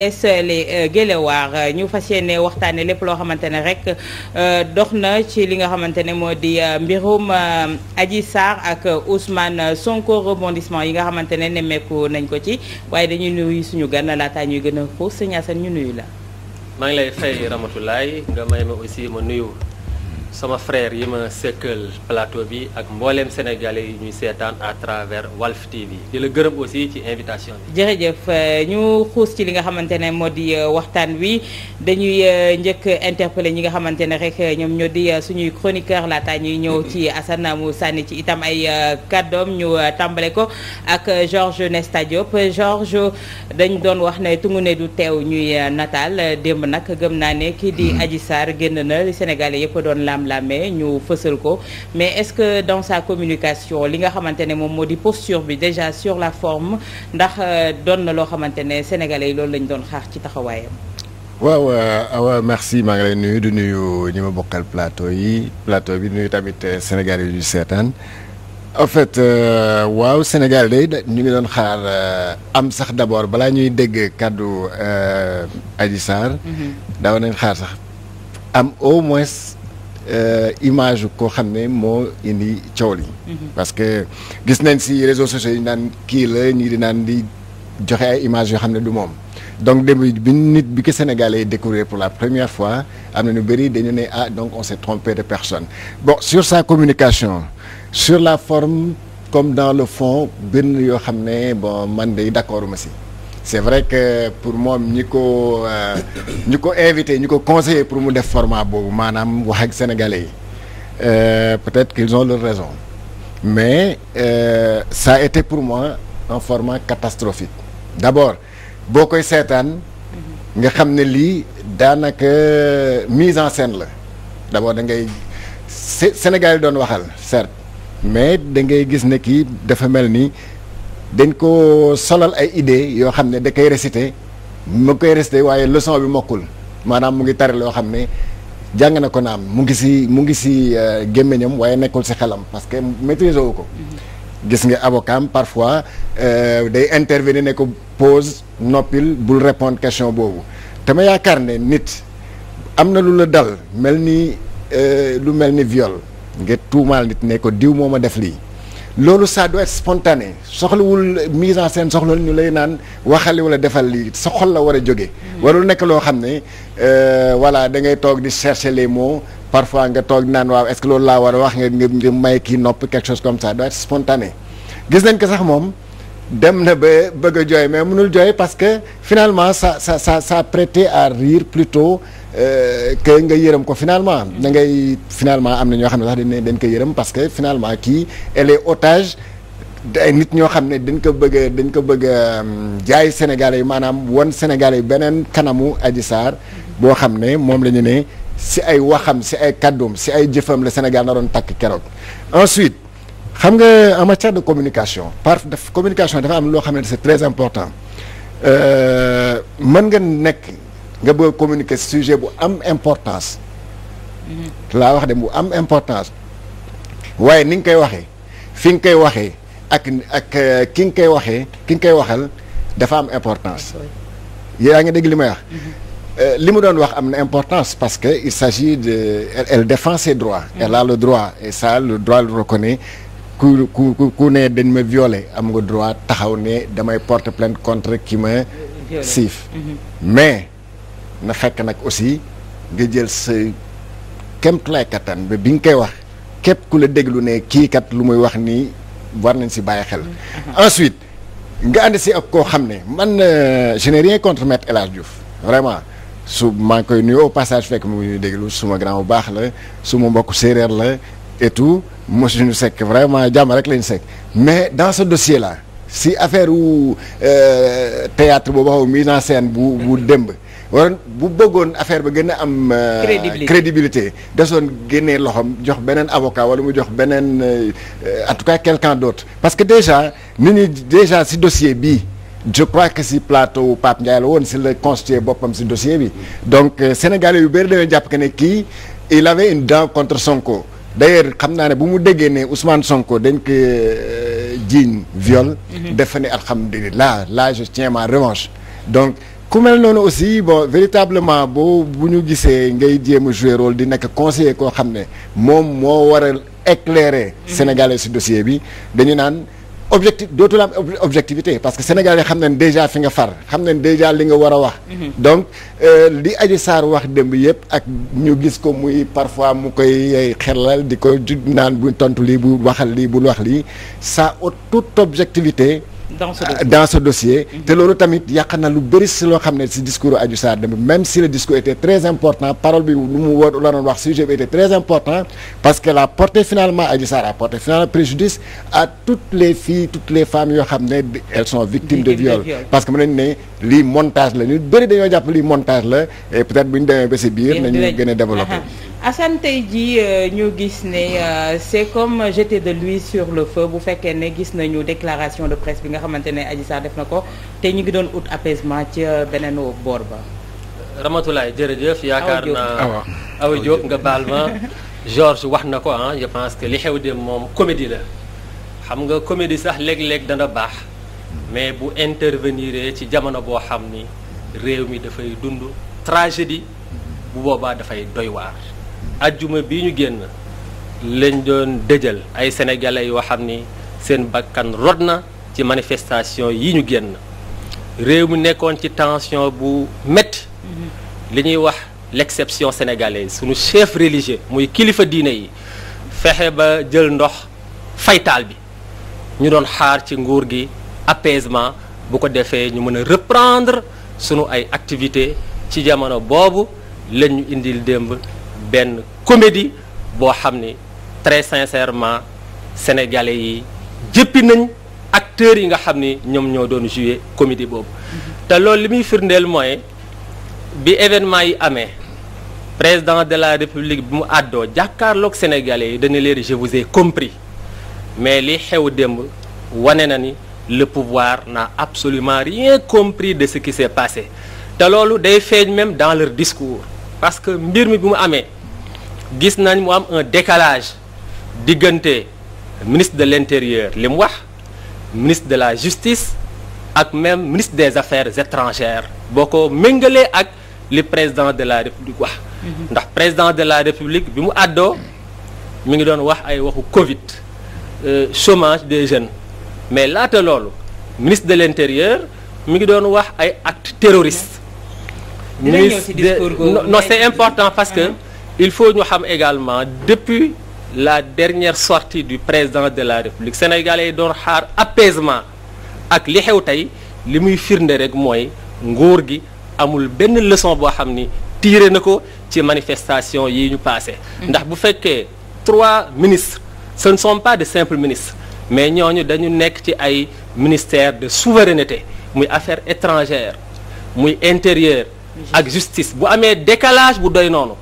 esle euh, Guelewar euh, ñu fas ne waxtaane lépp loo xamante ne rek euh, dox na ci li nga xamante ne moo di mbirum aji Sarr ak Ousmane Sonko rebondissement yi nga xamante ne nemmeeku nañ ko ci waaye dañuy nuyu suñu gan laataa ñuy gën a xuus sëñ Assane ñu nuyu la maa ngi lay fay aussi ma nuyu sama frère yi ma sekkal plateau bi ak mbooleem sénégalais yi ñuy seetaan à Walf TV di la gërëm aussi ci invitation bi. jërëjëf euh, ñu xuus ci li nga xamante ne moo di euh, waxtaan wi dañuy euh, njëkk interpeller ñi nga xamante ne rek ñoom ñoo di suñuy chroniqueur laataa ñuy ñëw ci Assane mu sànni ci itam ay kàddoom ñu tàmbale ko ak Georges Nesta Diop Georges dañ doon wax ne tungu ne du teew ñuy nataal démb nag gëm naa ne kii di hmm. Adji Sarr génn na li sénégalais yëpp la mais ñu fësal ko mais est-ce que dans sa communication li nga xamante ne moom moo di posture bi déjà sur la forme ndax euh, doon na loo xamante ne sénégalais yi loolu lañ doon xaar ci taxawaayam waaw awa merci maa ngi lay du nuyu ñi ma bokkal plateau yi plateau bi nuyu tamit euh, sénégal yi du seetaan en fait euh, waaw Sénégal day ñu ngi doon xaar am sax d'abord balaa ñuy dégg kàddu Adji Sarr. Mm-hmm. daaw nañ xaar sax am au moins Euh, image koo xam ne moo indi coow li mhm. parce que gis nañ si réseaux sociaux yi naan kii la ñii di naan di joxe ay image yoo xam ne du moom donc début bi nit bi ko Sénégalais yi découvrir pour la première fois am na ñu bëri dañu ne ah donc on s'est trompé de personne bon sur sa communication sur la forme comme dans le fond benn yoo xam ne bon man day d'accord ma si c'est vrai que pour moom ñi ko euh, ñi ko invité ñi ko conseillé pour mu def format boobu maanaam wax ak sénégalais yi euh, peut-être qu'ils ont leur raison mais euh, ça été pour moi un format catastrophique d'abord boo koy seetaan nga xam ne lii daanaka mise en scène la d'abord da ngay Sénégal yi doon waxal certes mais da ngay gis ne kii dafa mel nii dañ ko solal ay idées yoo xam ne da koy réciter ma koy réciter waaye leçon bi mokkul maanaam mu ngi tari loo xam ne jàng na ko naam mu ngi si mu ngi si euh, gémmiñam waaye nekkul si xelam parce que maîtriser wu ko. Mm-hmm. gis nga avocat parfois euh, day intervenir ne ko pose noppil bul répondre question boobu te ma yaakaar ne nit am na lu la dal mel ni euh, lu mel ni viol nga tuumaal nit ne ko diw moo ma def lii. loolu ça doit être spontané soxlawul mise en scène soxlawul ñu lay naan waxali wala defal lii sa la war a jóge mm-hmm. warul nekk loo xam ne euh, voilà da ngay toog di chercher les mots parfois nga toog naan waaw est loolu laa war a wax nga nga may kii nopp quelque chose comme ça doit être spontané gis nañ ko sax moom dem na ba bëgg a jooy mais mënul jooy parce que finalement ça sa ça ça prêtait à rire plutôt Euh, que nga yërëm ko finalement da ngay finalement am na ñoo xam ne sax dañ ne dañ ko yërëm parce que finalement kii elle est otage ay nit ñoo xam ne dañ ko bëgg a dañ ko bëgg a mm, jaay sénégalais yi maanaam wan sénégalais yi beneen kanamu aji Sarr boo xam ne moom la ñu ne si ay waxam si ay kàddoom si ay jëfam la Sénégal na doon takk keroog ensuite xam nga en matière de communication par communication dafa am loo xam ne c'est très important euh, mën nga nekk nga bëgg communiquer sujet bu am importance. laa wax de bu am importance. waaye ni nga koy waxee fi nga koy waxee ak ak eh, ki nga koy waxee ki nga koy waxeel dafa am importance. yaa ngi dégg li may wax. Mm-hmm. Eh, li mu doon wax am na importance parce que il s'agit de elle, elle défend ses droits. Mm -hmm. le droit et ça le droit le reconnaît ku ku ku ne dañ ma violer am nga droit taxaw ne damay porte plainte contre ki ma siif mais. na fekk nag aussi nga jël sa kéemtulaay kattan ba bi nga koy wax képp ku la déglu ne kii kat lu muy wax nii war nañ si bàyyi xel. Mm-hmm. ensuite nga ànd si ak koo xam ne man euh, je n'ai rien contre maître El Hadj Diouf vraiment su maa ngi koy nuyu au passage fekk mu ngi déglu déglu suma grand bu baax la suma mbokk séeréer la et tout mosu ñu sekk vraiment jàmm rek lañu sekk mais dans ce dossier la si affaire wu euh, théâtre boobu xaw mise en scène bu bu démb. waroon bu bëggoon affaire ba gën a am. Euh, crédibilité crédibilité desoon génnee loxoom jox beneen avocat wala mu jox beneen euh, en tout cas quelqu'un d'autre. parce que déjà ni ñu déjà si dossier bi je crois que si plateau Pape Ndiaye la woon si la constitué boppam si dossier bi donc euh, sénégalais yu bëri dañoo jàpp que ne kii il avait une dent contre Sonko d'ailleurs xam naa ne bu mu déggee ne Ousmane Sonko dañ ko jiiñ viol. Mhm. dafa ne alhamdulilah là je tiens ma revanche donc. ku mel noonu aussi bon véritablement boo bu ñu gisee ngay jéem a jouer rôle di nekk conseiller koo xam ne moom moo war a éclairer mhm. sénégalais si dossier bi dañu naan objectif dootul am objectivité parce que sénégalais xam ne déjà fi nga far xam nañ déjà li nga war a wax. Mhm. donc euh, li Adji Sarr wax démb yëpp ak ñu gis ko muy parfois mu koy xelal di ko naan bu tontu lii bu waxal lii bul wax lii sa haute toute objectivité. dans ce dossier te loolu tamit yàq na lu bëri si loo xam ne si discours Adji Sarr dem même si le discours était très important parole bi lu mu la doon wax sujet bi était très important parce que la portée finalement Adji Sarr a porté finalement préjudice à toutes les filles toutes les femmes yoo xam ne elles sont victimes de viol parce que mën nañu ne lii montage la ñu bëri dañoo jàpp lii montage la et peut-être bu ñu demee ba si biir nañu gën a développé Assane tey jii euh, ñu gis ne euh, c'est comme jeter de l'huile sur le feu bu fekkee ne gis nañu déclaration de presse bi nga xamante ne Adji sax def na ko te ñu ngi doon ut apaisement ci euh, beneen boor ba. Ramatoulaye jërëjëf. yaakaar naa Awa nga baal ma. Georges wax na ko ah je pense que li xew de moom comédie la xam nga comédie sax léeg-léeg dana baax mais bu intervenir ci jamono boo xam ni réew mi dafay dund tragédie bu boobaa dafay doy waar. ajjuma bi ñu génn lañ doon dëjal ay sénégalais yoo xam ni seen bakkan rot na ci manifestation yi ñu génn réew mi nekkoon ci tension bu metti mhm. li ñuy wax l'exception sénégalaise sunu chef religieux muy kilifa diine yi fexe ba jël ndox faytaal bi ñu doon xaar ci nguur gi apaisement bu ko defee ñu mën a reprendre sunu ay activité ci jamono boobu lañ ñu indil démb benn comédie boo xam ni très sincèrement sénégalais yi jëppi nañ acteurs yi nga xam ni ñoom ñoo doon jouer comédie boobu te loolu li muy firndeel mooy bi événement yi amee président de la république bi mu àddoo jàkkaarlook sénégalais yi dañu leen je vous compris mais li xew démb wane na ni le pouvoir n'a absolument rien compris de ce qui s'est passé te loolu day feeñ même dans leur discours parce que mbir mi bi mu amee gis nañ mu am un décalage diggante ministre de l'intérieur li mu wax ministre de la justice ak même ministre des affaires étrangères boo ko méngalee ak li président de la république wax mhm. ndax président de la république bi mu àddoo mu ngi doon wax ay waxu covid euh, chômage des jeunes mais laata loolu ministre de l'intérieur mi ngi doon wax ay actes terroristes ministre de non c'est important parce que il faut ñu xam également depuis la dernière sortie du président de la république sénégalais yi doon xaar apaisement ak li xew tey li muy firnde rek mooy nguur gi amul benn leçon boo xam ni tiré na ko ci manifestation yi ñu passé ndax bu fekkee trois ministres ce ne sont pas de simples ministres mais ñooñu dañu nekk ci ay ministère de souveraineté muy affaires étrangères muy intérieur ak justice bu amee décalage bu doy noonu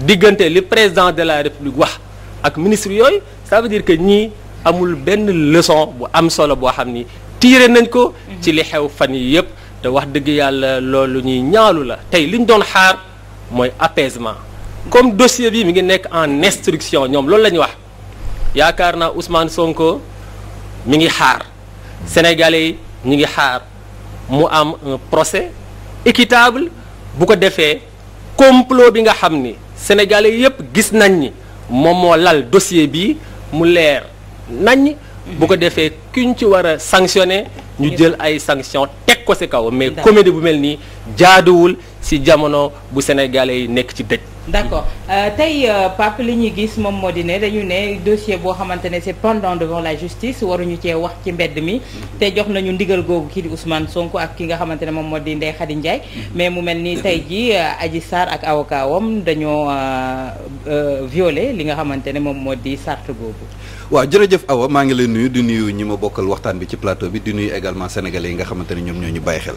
diggante li président de la république wax ak ministre yooyu ça veut dire que ñii amul benn leçon bu am solo boo xam ni tiire nañ ko. ci li xew fan yii yëpp. te wax dëgg yàlla loolu ñuy ñaalu la tey li ñu doon xaar mooy apaisement comme dossier bi mi ngi nekk en instruction ñoom loolu la ñu wax yaakaar naa Ousmane Sonko mu ngi xaar sénégalais yi ñu ngi xaar mu am un procès équitable bu ko defee complot bi nga xam ni. sénégalais yëpp gis nañ ni moom moo lal dossier bi mu leer nañ. bu ko defee ki kuñ ci war a sanctionné. ñu jël ay sanction teg ko si kaw mais comédie bu mel nii jaaduwul. si jamono bu sénégalais yi nekk ci dëj. d'accord euh, tey euh, Pape li ñuy gis moom moo di ne dañu ne dossier boo xamante ne c'est pendant devant la justice waruñu cee wax ci mbedd mi te jox nañu ndigal googu kii di Ousmane sonk ak ki nga xamante ne moom moo di Ndeye Khady Ndiaye mais mu mel ni tey euh, ji aji Sarr ak avocat wam dañoo violer li nga xamante ne moom moo di charte googu. waaw jërëjëf Awa maa ngi lay nuyu di nuyu ñi ma bokkal waxtaan bi ci plateau bi di nuyu également sénégalais yi nga xamante ne ñoom ñoo ñu bàyyi xel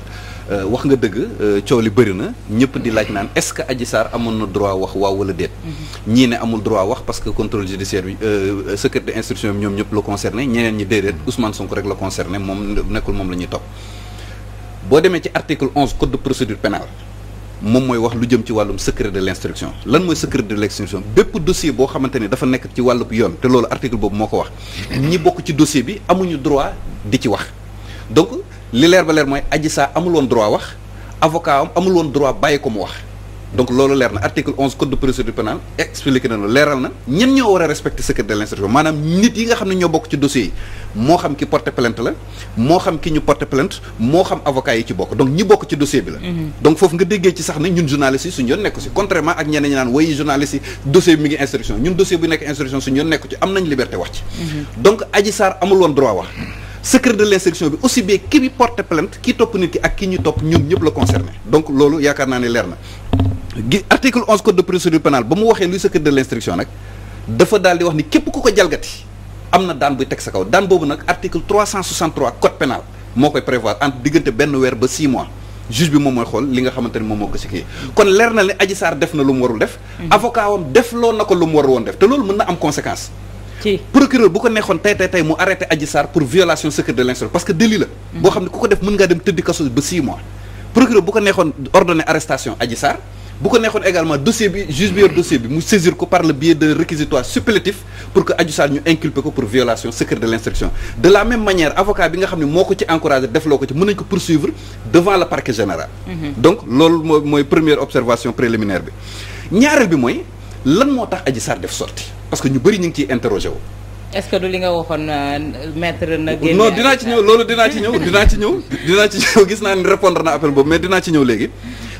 euh, wax nga dëgg euh, coow li bëri na ñëpp di laaj naan est-ce que Adji Sarr amoon na droit wax waaw wala déet mm-hmm. ñii ne amul droit wax parce que contrôle judiciaire bi euh, secret d'instruction bi ñoom ñëpp la concerné ñeneen ñi déedéet mm-hmm. Ousmane Sonko rek la concerné moom nekkul moom la ñuy topp boo demee ci article 11 code de procédure pénale moom mooy wax lu jëm ci wàllum secret de l' instruction lan mooy secret de l' bépp dossier boo xamante ni dafa nekk ci wàllub yoon te loolu article boobu moo ko wax ñi bokk ci dossier bi amuñu droit di ci wax donc li leer ba leer mooy Adji Sarr amul woon droit wax avocat am amul droit bàyyi ko mu wax donc loolu leer na article onze code de procédure pénale expliqué na leeral na ñen ñoo war a respecter secret de l'instruction maanaam nit yi nga xam ne ñoo bokk ci dossier yi moo xam ki porte plainte la moo xam ki ñu porte plainte moo xam avocat yi ci bokk donc ñi bokk ci dossier bi la mhm. donc foofu nga déggee ci sax ne ñun journalistes yi suñu yoon nekku si contrairement ak ñeneen ñi naan woy journalistes yi dossier bi mi ngi instruction ñun dossier mhm. ñëpp la concerné donc loolu yaakaar naa ne leer na gi article onze code de procédure pénale ba mu waxee luy secret de l'instruction nag dafa daal di wax ni képp ku ko jalgati am na daan buy teg sa kaw daan boobu nag article code pénal moo koy prévoir entre diggante benn weer ba six mois juge bi moom mooy xool li nga xamante ni moom moo ko si kii kon leer na ne Adji Sarr def na lu mu warul def. Mhm. avocat def woon def te loolu mën na am conséquence. ci procureur bu ko neexoon tey tey tey mu arrêté Adji pour violation de l'instruction parce que délit la. Mhm. boo xam ne ku ko def mën bu ko neexoon également dossier bi juge bi yor dossier bi mu saisir ko par le biais de réquisitoire supplétif pour que Adji Sarr ñu inculper ko pour violation secret de l'instruction de la même manière avocat bi nga xam ne moo ko ci encouragé def loo ko ci mën nañ ko poursuivre devant le parquet général mhm. donc loolu mooy première observation préliminaire bi ñaareel bi mooy lan moo tax Adji Sarr def sortie parce que ñu bëri ñu ngi euh, na. génne non ci ñëw loolu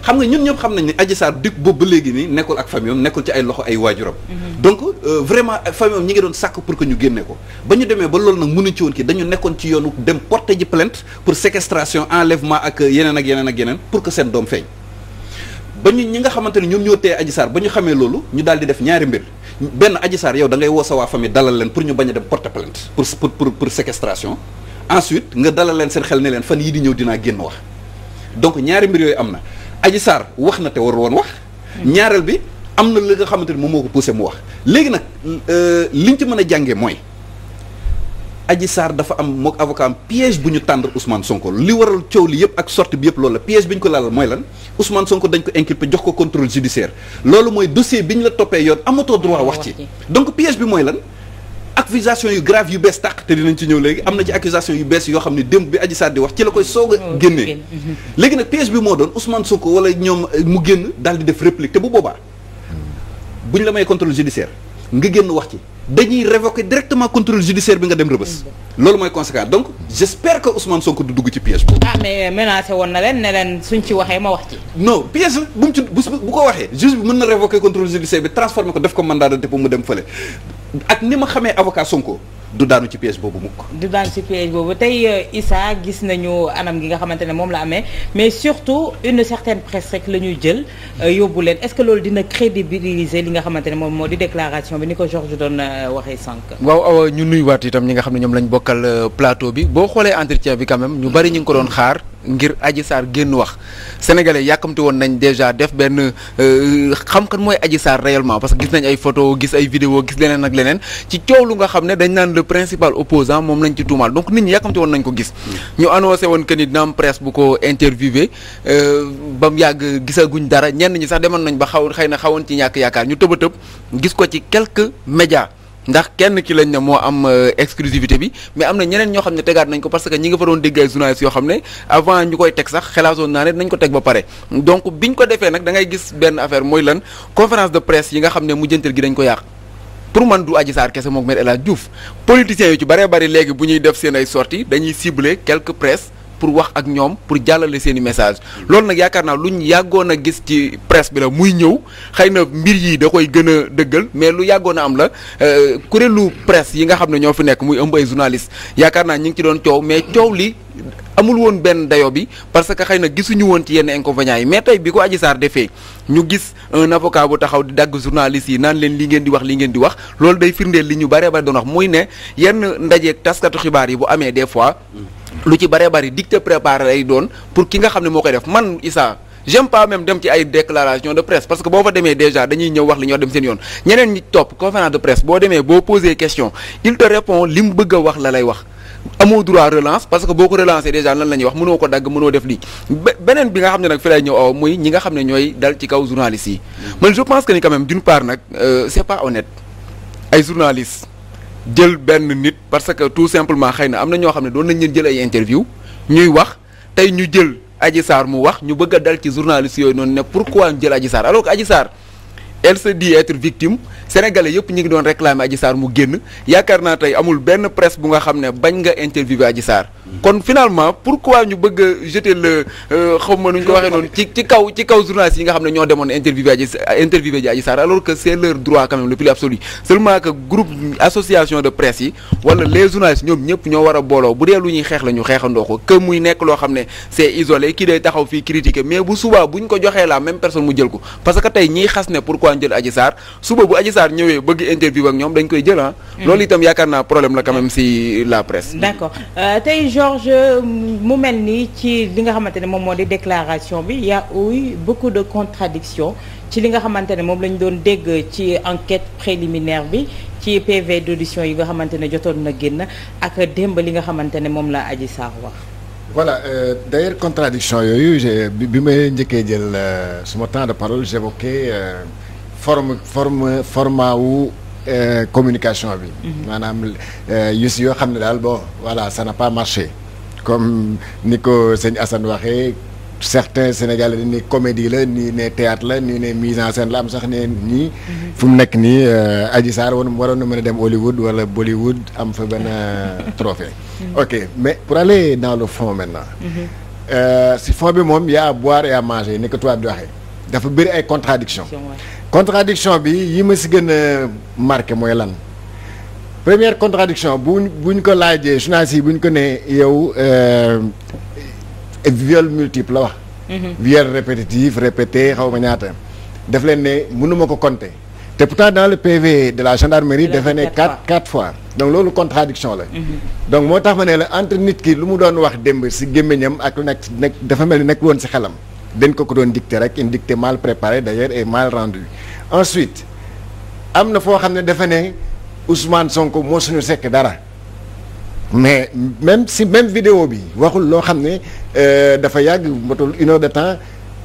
xam nga ñun ñëpp xam nañ ne Adji Sarr dëkk boobu ba léegi nii nekkul ak famille am nekkul ci ay loxo ay waajuram mhm. donc euh, vraiment famille ñi ngi doon sàkk pour que ñu génne ko ba ñu demee ba loolu nag mënuñ ci woon kii dañu nekkoon ci yoonu dem porter ji plainte pour séquestration seen doom feeñ ba ñu ñi ne ñoom ñoo téye Adji ba ñu xamee loolu ñu daal di ñaari mbir benn sa waa famille dalal leen pour ñu bañ a dem porter plainte pour pour pour séquestration ensuite nga dalal leen seen xel ne leen fan yii di ñëw dinaa génn wax donc ñaari mbir yooyu am na Adji Sarr wax na te warul woon wax. ñaareel bi am na li nga xamante ni moom moo ko poussé mu wax léegi nag li euh, liñ ci mën a jàngee mooy. Adji Sarr dafa am mook avocat am piège bu ñu tàndar Ousmane Sonko li waral coow li yëpp ak sorte bi yëpp loolu la piège bi ñu ko laal mooy lan Ousmane Sonko dañ ko inculpé jox ko contrôle judiciaire loolu mooy dossier bi ñu la toppee yoon amatoo droit wax ci donc piège bi mooy lan accusation yu grave yu bees tàq te dinañ ci ñëw léegi am na ci accusation yu bees yoo xam ne démb bi Adji Sarr di wax ci la koy soog a oh, génnee mhm. léegi nag piège bi moo doon Ousmane Sonko wala ñoom euh, mu génn daal di def réplique te bu boobaa bu ñu la may contrôle judiciaire nga génn wax ci dañuy révoquer directement contrôle judiciaire bi nga dem rëbës mhm. loolu mooy conséquence donc j'espère que Ousmane Sonko du dugg ci piège boobu ah mais menacé woon na leen ne leen suñ ci waxee ma wax waxee juge bi mën na révoquer contrôle def ko mandat de dépôt mu dem fële ak ni ma xamee avocat ko du daanu ci piège boobu mukk du daanu ci piège boobu tey euh, Issa gis nañu anam gi nga xamante ne moom la amee mais surtout une certaine presse rek la ñuy jël euh, yóbbu leen est-ce que loolu dina crédibiliser li nga xamante ne moom moo di déclaration bi ni ko jox Georges doon euh, waxee sànq. waaw awa ñu nuyuwaat itam ñi nga xam ne ñoom lañ bokkal plateau bi boo xoolee entretien bi quand même ñu bari ñu ngi ko doon xaar. ngir Adji Sarr génn wax sénégalais yàkkamti woon nañ déjà def benn euh, xam kan mooy Adji saar réellement parce que gis nañ ay photo gis ay vidéo gis leneen ak leneen ci coow lu nga xam ne dañ naan le principal opposant moom nañ ci tuumaal donc nit ñi yàkkamti woon nañ ko gis ñu annoncé woon que ni dina bu ko interviewé euh, ba mu yàgg gisaguñ dara ñenn ñi sax demoon nañ ba xaw xëy na xawoon ci ñàkk yaakaar ñu tëba tëb gis ko ci quelques médias ndax kenn ki lañ ne moo am euh, exclusivité bi mais am na ñeneen ñoo xam ne tegaat nañ ko parce que ñi nga fa doon dégg ay journalistes yoo xam ne avant ñu koy teg sax xelaasoo naa ne nañ ko teg ba pare donc biñ ko defee nag dangay gis benn affaire mooy lan conférence de presse yi nga xam ne mujjantal gi dañ ko yàq pour man du Adji Sarr kese moom Me El Hadji Diouf politiciens yu ci bëree bëri léegi bu ñuy def seen ay sorti dañuy cibler quelque presse pour wax ak ñoom pour jàllale seen i message loolu nag yaakaar naa luñ yàggoon a gis ci presse bi la muy ñëw xëy na mbir yi da koy gën a dëggal mais lu yàggoon a am la euh, kuréelu presse yi nga xam ne ñoo fi nekk muy ëmb ay journaliste yaakaar naa ñu ngi ci doon coow mais coow li amul woon benn dayo bi parce que xëy na gisuñu woon ci yenn inconvénients yi mais tey bi ko Adji Sarr defee ñu gis un bu taxaw di dagg journaliste yi naan leen li ngeen di wax li ngeen di wax loolu day firndeel li ñu bare bare muy ne yenn ndajeek taskatu xibaar yi bu amee des fois lu ci bare bari dicté préparé lay doon pour ki nga xam ne moo koy def man Issa j'aime pas même dem ci ay déclaration de presse parce que boo fa demee déjà dañuy ñëw wax li ñoo dem seen yoon ñeneen ñi topp conférence de presse boo demee boo posé question il te répond li mu bëgg wax la lay wax amoo droit relance parce que boo ko relancé déjà lan la ñuy wax mënoo ko dagg mënoo def lii beneen bi nga xam ne nag fi lay ñëw aw oh, muy ñi nga xam ne ñooy dal ci kaw journalistes mm. pense que ni quand même d'une part nag euh, c'est pas honnête ay jël benn nit parce que tout simplement xëy na am na ñoo xam ne doon nañ leen jël ay interview ñuy wax tey ñu jël Adji Sarr mu wax ñu bëgg a dal ci journaliste yooyu noonu ne pourquoi ñu jël Adji Sarr alors que Adji Sarr elle se dit être victime yëpp ñu ngi doon réclamer Adji Sarr mu génn yaakaar naa tey amul benn presse bu nga xam ne bañ nga interviewé Adji Sarr kon finalement pourquoi ñu bëgg a jeter le euh, ma nu ñu ko waxee noonu ci ci kaw ci kaw journalistes yi nga xam ne ñoo demoon interviewé Adji euh, interviewé ji Adji Sarr alors que c' leur droit quand le plus absolu seulement que groupe association de presse yi wala les journalistes ñoom ñëpp ñoo war a booloo bu dee lu ñuy xeex la ñu xeexandoo ko que nekk loo xam ne c' est isolé kii day taxaw fii critiquer mais bu subaa bu ñu ko joxee la même personne mu jël ko parce que tey ñiy xas ne pourquoi njël Adji Sarr suba bu Adji Sarr ñëwee bëgg interview ah. mm. la quand même Georges mu mel ni ci li nga xamante ne moom moo di déclaration bi y a beaucoup de contradictions ci li nga xamante ne moom lañ doon dégg ci enquête préliminaire bi ci PV d'audition yi nga xamante ne jotoon na génn ak démb li nga xamante ne moom la aji Sarr wax. voilà euh, d'ailleurs contradiction yooyu bi may njëkkee jël euh, suma temps de parole j'évoquais euh, forme forme format wu. Euh, communication bi. Mhm. maanaam yu euh, si yoo xam ne daal bon voilà ça n'a pas marché comme ni ko sëñ Assane waxee. certains sénégalais dañ ne comédie la nii ne théâtre la nii ne mise en scène la am sax ne nii. Mhm. fu mu nekk nii euh, Adji Sarr woon waroon na mën a dem Hollywood wala Bollywood am fa benn trophée. Mhm. ok mais pour aller dans le fond maintenant. si fond bi moom y a boire et manger ni ko tubaab di waxee. dafa bëri ay contradiction contradiction bi yi ma si gën a marqué mooy lan première contradiction bu buñ ko laajee journaliste yi buñ ko nee yow euh, viol multiple la wax mhm. viol répétitif répété xaw ma ñaata daf leen ne mënuma ko compter te pourtant dans le PV de la gendarmerie dafa ne quatre quatre fois donc loolu contradiction la mhm. donc moo tax ma ne la entre nit ki lu mu doon wax démb si gémmiñam ak lu nekk nekk dafa mel ni nekk woon si xelam dañ ko ko doon dicté rek une dictée mal préparée d'ailleurs et mal rendue ensuite am na foo xam ne dafa ne Ousmane Sonko moo suñu sekk dara mais même si même vidéo bi waxul loo xam ne euh, dafa yàgg matul une heure de temps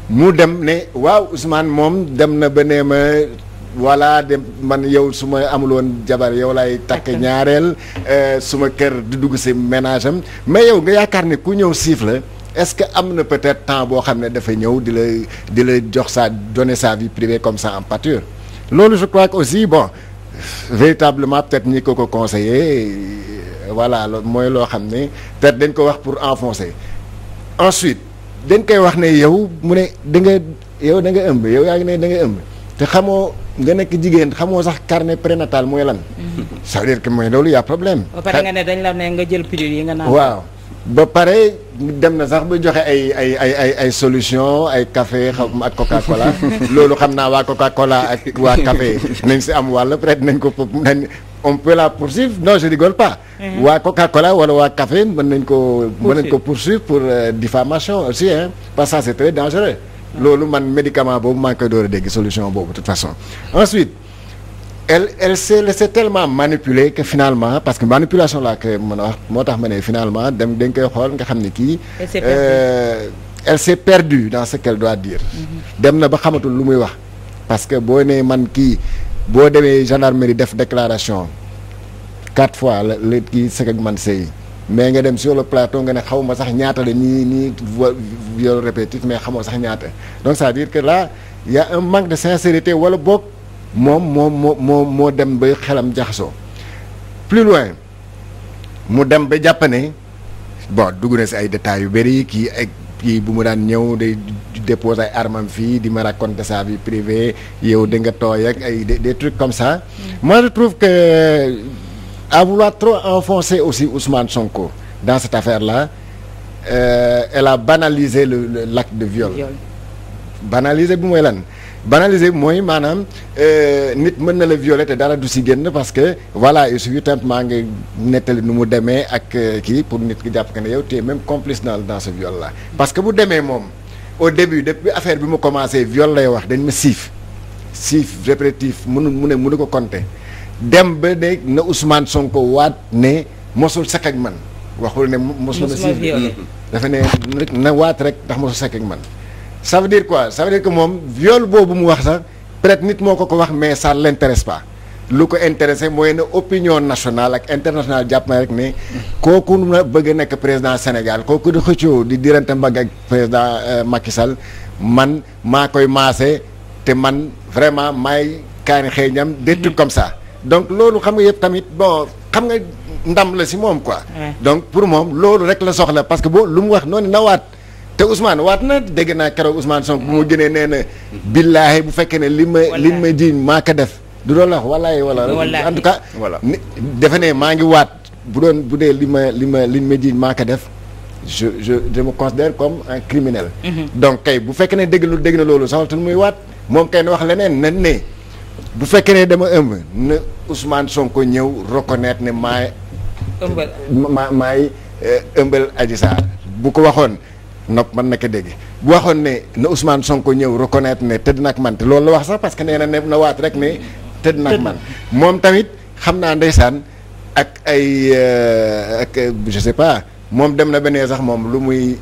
mu dem ne waaw Ousmane moom dem na ba nee ma voilà de man yow su ma amuloon jabar yow laay takk ñaareel euh, su ma kër di dugg si ménage am mais yow nga yaakaar ne ku ñëw siif la est-ce que am na peut-être temps boo xam ne dafa ñëw di la di la jox sa donner sa vie privée comme ça en pâture loolu je crois que aussi bon véritablement peut-être ñi ko ko conseiller euh, voilà mooy loo xam ne peut dañ ko wax pour enfoncer ensuite dañ koy wax ne yow mu ne da nga yow da nga ëmb yow yaa ngi ne da nga ëmb te xamoo nga nekk jigéen xamoo sax carnet prénatal mooy lan. ça veut dire que mooy loolu y a problème. ba pare nga ne dañ la ne nga jël pilule yi nga naan waaw. ba pare dem na sax ba joxe ay ay ay ay ay solution ay café xaw ma ak coca cola loolu xam naa waa coca cola ak waa café nañ si am wàll peut-être nañ ko nañ on peut la poursuivre non je rigole pas mhm. waa coca cola wala waa café mën nañ ko mën nañ ko poursuivre pour euh, diffamation aussi hein parce que ça c'est très dangereux ah. loolu man médicament boobu maa ngi koy door a dégg solution boobu de façon ensuite elle elle s'est laissée tellement manipuler que finalement parce que manipulation laa koy mën a wax moo tax ma ne finalement dem dañ koy xool nga xam ne kii. elle s'est perdue euh, dans ce qu'elle doit dire. Mm-hmm. dem na ba xamatul lu muy wax. parce que boo nee man kii boo demee gendarmerie def déclaration quatre fois la la kii sëg ak man sëy mais nga dem sur le plateau nga ne xaw ma sax ñaata la ñii ñii viol répétitif mais xamoo sax ñaata donc cest dire que là il a un manque de sincérité wala boog. moom moo moo moo moo dem ba xelam jaxasoo plus loin mu dem ba jàpp ne bon dugg na si ay détails yu bëri kii ay kii bu mu daan ñëw day déposer ay armam fii di ma raconter sa vie privée yow da nga tooy ak ay des trucs comme ça. Mm. moi je trouve que à vouloir trop enfoncer aussi Ousmane Sonko dans cette affaire la euh, elle a banaliser le l'acte de viol. banaliser bu mooy lan. banaliser mooy maanaam euh, nit mën na la violer te dara du si génn parce que voilà il suffit simplement nga nettali nu mu demee ak euh, kii pour nit ki jàpp que ne yow tu es même complice dans dans ce viol là. parce que bu demee moom au début depuis affaire bi mu commencé viol lay wax dañ ma siif siif répétitif mënu mu ne mënu ko compter dem ba ne na Ousmane Sonko waat ne mosul sekk ak man waxul ne mosul na siif dafa ne na waat rek ndax mosul sekk ak man. ça veut dire quoi ça veut dire que moom viol boobu mu wax sax peut-être nit moo ko ko wax mais ça l'intéresse pas lu ko intéressé mooy na opinion nationale ak internationale jàpp rek ne kooku na bëgg a nekk président Sénégal kooku di xëccoo di dirante mbagg ak président euh, Macky Sall man maa koy maase te man vraiment maay kaani xëy ñam des trucs comme ça donc loolu xam nga yëpp tamit bon xam nga ndam la si moom quoi donc pour moom loolu rek la soxla parce que boo lu mu wax noonu nawaat te Ousmane waat na dégg naa keroog Ousmane Sonko bu ma gënee nee na. billaahi bu fekkee ne li ma li ma jiiñ maa ko def. du doon wax wallaahi wala en tout cas. voilà defe ne maa ngi waat bu doon bu dee li ma li ma li ma jiiñ maa ko def. je je je me considère comme un criminel. Mhm. donc kay bu fekkee ne dégg lu dégg na loolu saxatul muy waat moom kay ne wax leneen na ne bu fekkee ne dama ëmb na Ousmane Sonko ñëw reconnaître ne maay. ëmbal maay euh, ëmbal Adji Sarr bu ko waxoon. nopp man na ko dégg bu waxoon ne na Ousmane Sonko ñëw reconnaître ne tëdd nag man te loolu la wax sax parce que nee na ne na waat rek ne tëdd nag man moom tamit xam naa ndeysaan ak ay euh, ak je sais pas moom dem na benee sax moom lu muy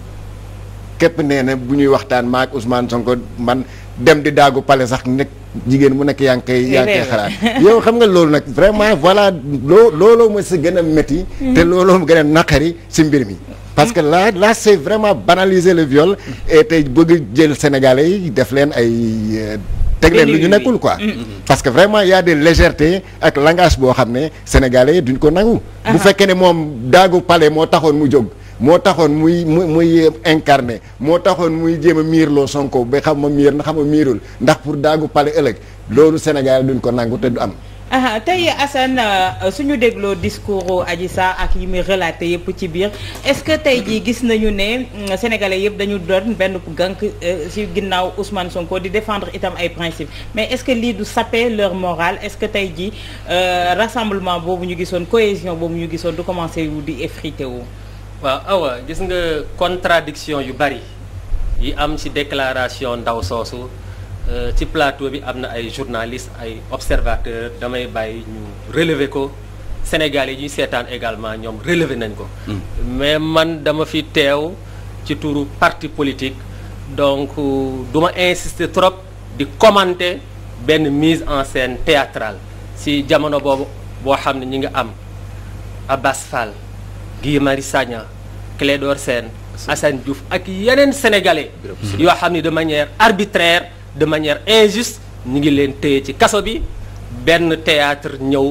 képp nee na bu ñuy waxtaan maak ak Sonko man dem di daagu pale sax nekk jigéen mu nekk yaa ngi xalaat yow xam nga loolu nag vraiment voilà loo looloo ma si gën a métti mm. te looloo mu gën a naqari si mbir mi parce que la la c'est vraiment banaliser le viol et tey bëgg jël sénégalais yi def leen ay euh, teg leen lu ñu nekkul quoi mm-hmm. parce que vraiment yaa a des ak langage boo xam ne sénégalais yi duñ ko nangu ah bu ah. fekkee ne moom daagu pale moo taxoon mu jóg moo taxoon muy mu muy incarné moo taxoon muy jéem a loo Sonko ba xam ma miir na xam ma miirul ndax pour daagu pale ëllëg loolu Sénégal duñ ko nangu te du am ah tey Assane euh, suñu dégloo discours aji Sarr ak yi muy relaté yëpp ci biir est-ce que tey jii gis nañu ne mm, sénégalais yëpp dañu doon benn gànk euh, ci ginnaaw Ousmane Sonko di défendre itam ay principes mais est-ce que lii du saper leur morale est-ce que tey jii euh, rassemblement boobu ñu gisoon cohésion boobu ñu gisoon du commencé wu di effrité wu. waaw awa gis nga contradiction yu bari yi am ci déclaration ndaw soosu. Euh, ci plateau bi am na ay journalistes ay observateurs damay bàyyi ñu relever ko Sénégal yi ñu seetaan également ñoom relever nañ ko. Hmm. mais man dama fi teew ci turu parti politique donc euh, duma ma trop di commenter benn mise en scène théâtrale si jamono boobu boo xam ne ñi nga am Abbas Fall Guy Marius Sagna Clédor Sène Assane Diouf ak yeneen sénégalais yoo xam ni de manière arbitraire de manière injuste ñu ngi leen téye ci kaso bi benn théâtre ñëw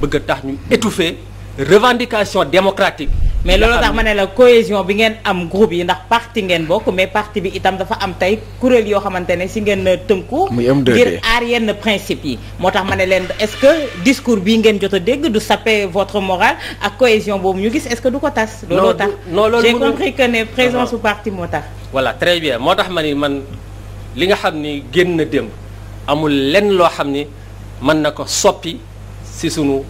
bëgg a tax ñu étouffer revendication démocratique. mais loolu tax ma ne la cohésion bi ngeen am groupe yi ndax parti ngeen bokk mais parti bi itam dafa am tey kuréel yoo xamante ne si ngeen tënku. ngir aar yenn principe yi. moo tax ma ne leen est-ce que discours bii ngeen jot a dégg du saper votre morale ak cohésion boobu ñu gis est-ce que du ko tas. looloo tax non j'ai compris que ne présence su moo tax. voilà très moo tax ma ni man. li nga xam ni génn na démb amul lenn loo xam ni mën na ko soppi si sunu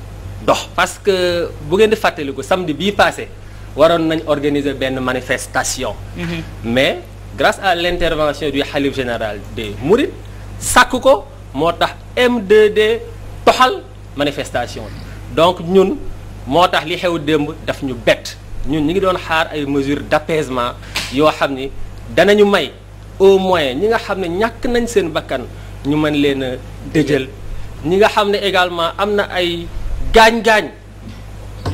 dox. parce que bu ngeen di fàttaliku samedi bii passé waroon nañu organiser benn manifestation. Mhm. mais grace à l' intervention du xalif général de Mourides sàkk ko moo tax m d toxal manifestation donc ñun moo tax li xew démb daf ñu bett ñun ñu ngi doon xaar ay mesures d' apaisement yoo xam ni danañu may. au moyen ñi nga xam ne ñàkk nañ seen bakkan ñu mën leen a dëjël ñi nga xam ne également am na ay gaañ-gaañ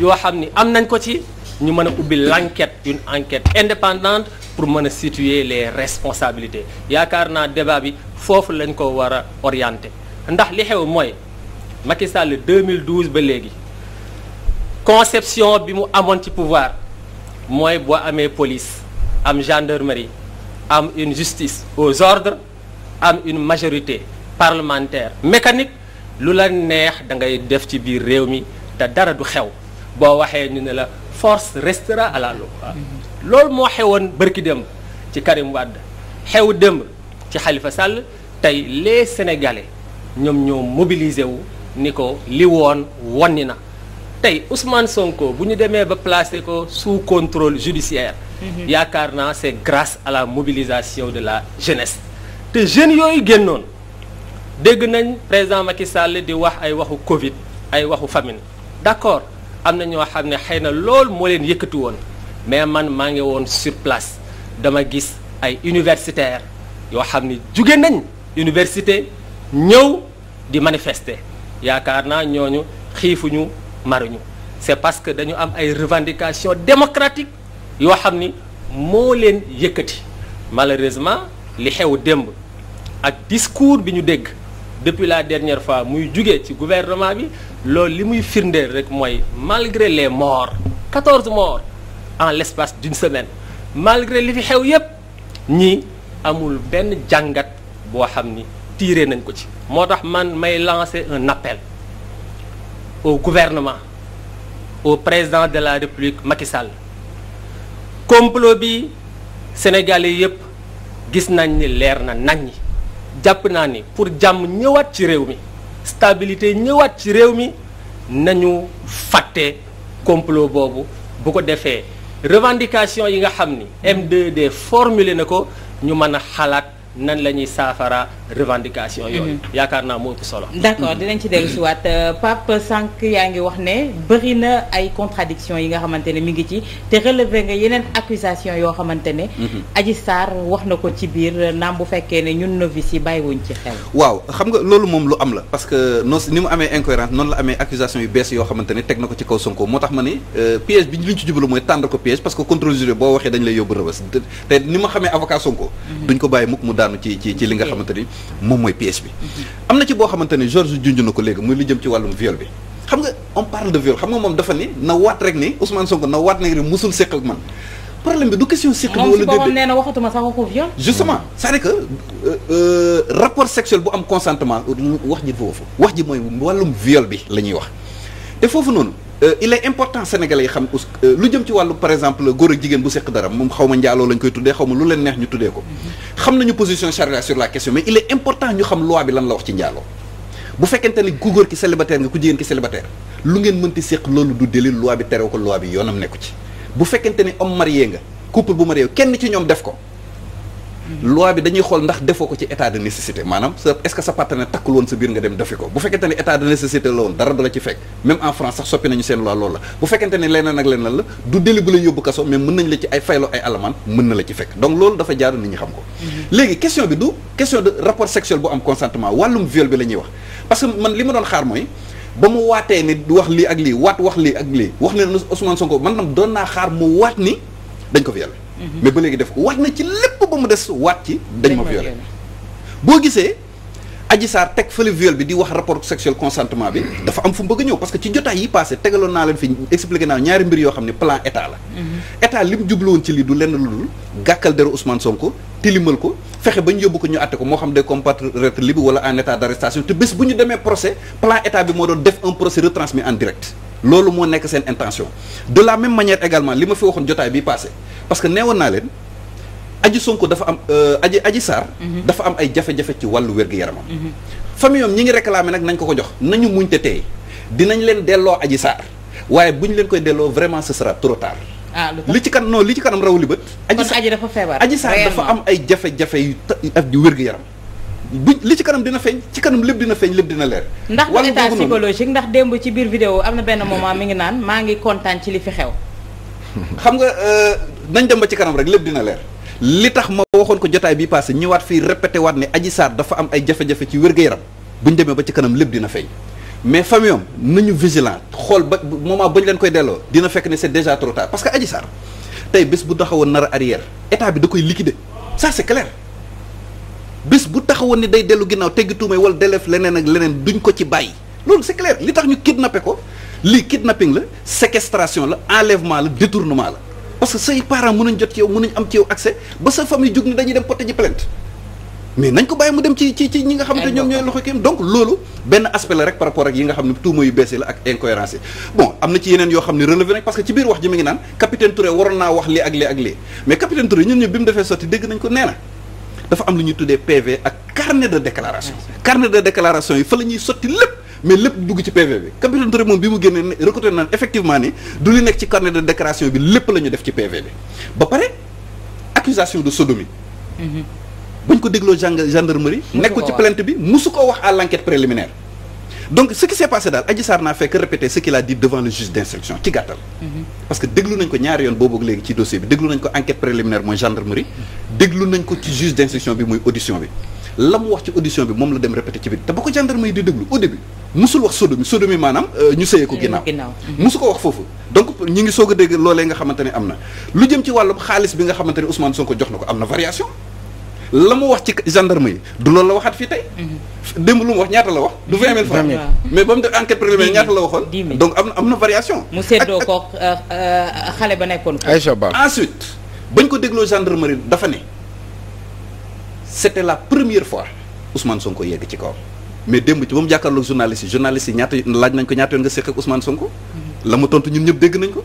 yoo xam ni am nañ ko ci ñu mën a ubbi l'enquête une enquête indépendante pour mën a situer les responsabilités yaakaar naa débat bi foofu lañ ko war a orienter ndax li xew mooy Macky Sall 2012 ba léegi conception bi mu amoon ci pouvoir mooy boo amee police am gendarmerie am une justice aux ordres am une majorité parlementaire mécanique lu la neex da ngay def ci biir réew mi te dara du xew boo waxee ñu ne la force restera à la loi moo xewoon bërki démb ci Karim Wade xew démb ci xalifa Sall tey les sénégalais ñoom ñoo mobilisé wu ni ko li woon wonni na tey Ousmane Sonko bu ñu demee ba placer ko sous contrôle judiciaire mhm. yaakaar naa c'est grace à la mobilisation de la jeunesse te jeunes yooyu génnoon dégg nañ président Macky Sall di wax ay waxu Covid ay waxu famine d'accord am na ñoo xam ne xëy na loolu moo leen yëkkati woon mais man maa ngi woon sur place dama gis ay universitaires yoo xam ne juge nañ université ñëw di manifester yaakaar naa ñooñu xiifuñu maruñu c'est parce que dañu am ay revendication démocratiques yoo xam ni moo leen yëkkati malheureusement li xew démb ak discours bi ñu dégg depuis la dernière fois muy juge ci gouvernement bi loolu li muy firndeel rek mooy malgré les morts 14 morts en l'espace d'une semaine malgré li fi xew yépp ñi amul benn jàngat boo xam ni tiré nañ ko ci moo tax man may lancer un appel au gouvernement au président de la république Macky Sall complot bi sénégalais yëpp gis nañ ni leer na nag ñi jàpp naa ni pour jàmm ñëwaat ci réew mi stabilité ñëwaat ci réew mi nañu fàtte complot boobu bu ko defee revendication yi nga xam ni M2D formulé na ko ñu mën a xalaat nan la ñuy saafara revendication mhm. yooyu. yaakaar naa moo ëpp solo. d' mhm. dinañ ci dellu si waat euh, Pape Sànq yaa ngi wax ne bëri na ay contradiction yi nga xamante ne mi ngi ci te relevé nga yeneen accusation yoo xamante ne. Mhm. Adji Sarr wax na ko ci biir naam bu fekkee ne ñun novice yi bàyyiwuñ ci xel. waaw xam nga loolu moom lu am la. parce que non ni mu amee incohérence noonu la amee accusation yu bees yoo xamante ne teg na ko ci kaw Sonko moo tax ma ni euh, piège bi daanu ci ci ci li nga xamante ni moom mooy pièce bi mhm. am na ci boo xamante ni Georges junj na ko léegi muy lu jëm ci wàllum viol bi xam nga on parle de viol xam nga moom dafa ni na waat rek ni Ousmane Sonko na waat rek ni musul seq ak man problème bi du question seq bi wala déedéet nee na waxatuma sax waxu viol justement c'est-à-dire que euh, euh, rapport bu am consentement wax ji foofu wax ji mooy wàllum viol bi la ñuy wax te foofu noonu euh, il est important sénégalais yi xam lu jëm ci wàllu par exemple góor ak jigéen bu seq dara moom xaw ma njaaloo lañ koy tuddee xaw ma lu leen neex ñu tuddee ko mhm. xam nañu position charia sur la question mais il est important ñu xam loi bi lan la wax ci njaaloo bu fekkente ne ku góor ki célibataire nga ku jigéen ki célibataire lu ngeen mënti séq loolu du délit loi bi terew ko loi bi yoonam nekku ci bu fekkente ne om marié nga couple bu marié kenn ci ñoom def ko loi bi dañuy xool ndax defoo ko ci état de nécessité maanaam sa est-ce que sa partenaire takkul woon sa biir nga dem defi ko bu fekkente ne état de nécessité la woon dara du la ci fekk même en France sax soppi nañu seen loi loolu la bu fekkente ne leneen ak leneen la du délit bu la yóbbu kaso mais mën nañ la ci ay faylo ay alamaan mën na la ci fekk donc loolu dafa jaar nit ñi xam ko mhm. léegi question bi du question de rapport sexuel bu am consentement wax parce que man li ma doon xaar mooy ba mu waatee ni wax lii ak lii waat wax lii ak lii wax ne Ousmane Sonko man nam doon naa xaar mu waat ni dañ ko viol Mhm. mais ba léegi def ko waat na ci lépp ba mu des waat ci dañ ma boo gisee Adji teg fële viol bi di wax rapport sexuel consentement bi dafa am fu mu bëgg a ñëw parce que ci jotaay yi passé tegaloon naa leen fi expliqué naa ñaari mbir yoo xam ne plan état la mhm. état li mu ci lii du lenn lu dul gàkkal deru Ousmane Sonko tilimal ko fexe ba ñu yóbbu ko ñu àtte ko moo xam day compatriote libre wala en état d' te bés bu ñu demee loolu moo nekk seen intention de la même manière également li ma fi waxoon jotaay bi passé parce que neewoon naa leen aji Sonko dafa am euh, aji aji Sarr mhm. dafa am ay jafe-jafe ci wàllu wér-gu-yaramam mhm. famille am ñi ngi réclamé nag nañ ko ko jox nañu muñ te dinañ leen delloo aji Sarr waaye bu ñu leen koy delloo vraiment ce sera trop tard ah, li ci kan non li ci kanam raw li bët aji dafa feebar aji Sarr dafa am ay jafe-jafe yu wér-gu-yaram bu li ci kanam dina feeñ ci kanam lépp dina feeñ lépp dina leer. ndax du état psychologique ndax démb ci biir vidéo am na benn moment mi ngi naan maa ngi kontaan ci li fi xew. xam nga euh, nañ dem ba ci kanam rek lépp dina leer li tax ma waxoon ko jotaay bi passé ñëwaat fii répété waat ne Adji Sarr dafa am ay jafe-jafe ci wér-gu-yaram buñ demee ba ci kanam lépp dina feeñ. mais famille am nañu vigilant xool ba moment ba ñu leen koy delloo dina fekk ne c'est déjà trop parce que Adji Sarr tey bés bu taxawoon nar a arrière état bi da koy liquider ça c'est clair. bis bu taxawoon ni day dellu ginnaaw teggi tuumay wala deleef leneen ak leneen duñ ko ci bàyyi loolu c'est li tax ñu kidnappé ko lii kidnapping la séquestration la enlèvement la détournement la parce que say parents mënuñ jot ci yow mënuñ am ci yow accès ba sa famille jug ni dañuy dem porter ji plainte mais nañ ko bàyyi mu dem ci ñi nga xam ñoom ñooy loxo kii donc loolu benn aspect la rek par rapport ak yi nga xam ne tuuma yu bees la ak incohérence na ci yeneen yoo xam ne relevé nag parce que ci biir wax ji mi ngi dafa am lu ñuy tuddee PV ak carnet de déclaration. carnet de déclaration yi fa la ñuy sotti lépp mais lépp dugg ci PV bi capitaine Touré moom bi mu génnee ne recruté naan effectivement ne du li nekk ci carnet de déclaration bi lépp la ñu def ci PV bi ba pare accusation de sodomie. Mhm. bañ ko dégloo gendarmerie. nekkul ci plainte bi musu ko wax à l' enquête préliminaire. donc ce qui s'est passé daal Adji Sarr n'a fait que répéter ce qu'il a dit devant le juge d'instruction ci gàttal parce que déglu nañ ko ñaari yoon boobu léegi ci dossier bi déglu nañ ko enquête préliminaire mooy gendarmerie déglu nañ ko ci juge d'instruction bi muy audition bi la mu wax ci audition bi moom la dem répété ci biir te ba ko gendarmerie di déglu au début musul wax sodomi sodomi maanaam euh, ñu sëyee ko ginnaaw musu ko wax foofu donc ñu ngi nga xamante ne am na jëm ci wàllum xaalis nga xamante ne Ousmane Sonko jox na ko am na la mu wax ci gendarme yi du loolu la waxaat fii tey. Mhm. démb lu mu wax ñaata la wax. du vingt mille francs mais ba mu def enquête préliminaire ñaata la waxoon. donc am na am na variation. Euh, euh, xale ba nekkoon ko. Aïcha Ba ensuite bañ ko dégloo gendarmerie dafa ne c'était la première fois Ousmane Sonko yegg ci kaw mais démb ci ba mu jàkkaarloog journaliste yi journaliste yi ñaata laaj nañ ko ñaata yoon nga seq ak Sonko. Mhm. la mu tontu ñun ñëpp dégg nañ ko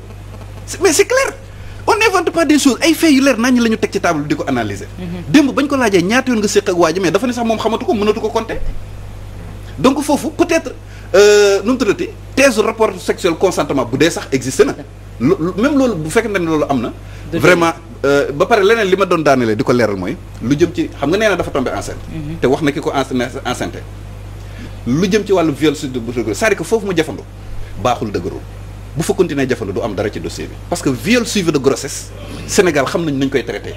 mais c'est clair. on n'invente pas des choses ay faits yu leer nañ la ñu teg ci table di ko analyser. Mhm. démb bañ ko laajee ñaata yoon nga séq ak waa dafa ne sax moom xamatu ko mënatu ko compter. donc foofu peut-être euh, nu mu rapport sexuel consentement bu dee sax existé na. même loolu bu fekkente ne loolu am na. vraiment euh, ba pare leneen li ma doon daanelee di ko leeral mooy lu jëm ci xam nga nee na dafa tombé enceinte. Mhm. te wax na ki ko enceinte. lu jëm ci wàllu viol su c'est-à-dire que foofu mu jafandu baaxul dëgërul. bu fa continuer jafandu du am dara ci dossier bi parce que viol suivi de grossesse Sénégal xam nañ nañ koy traité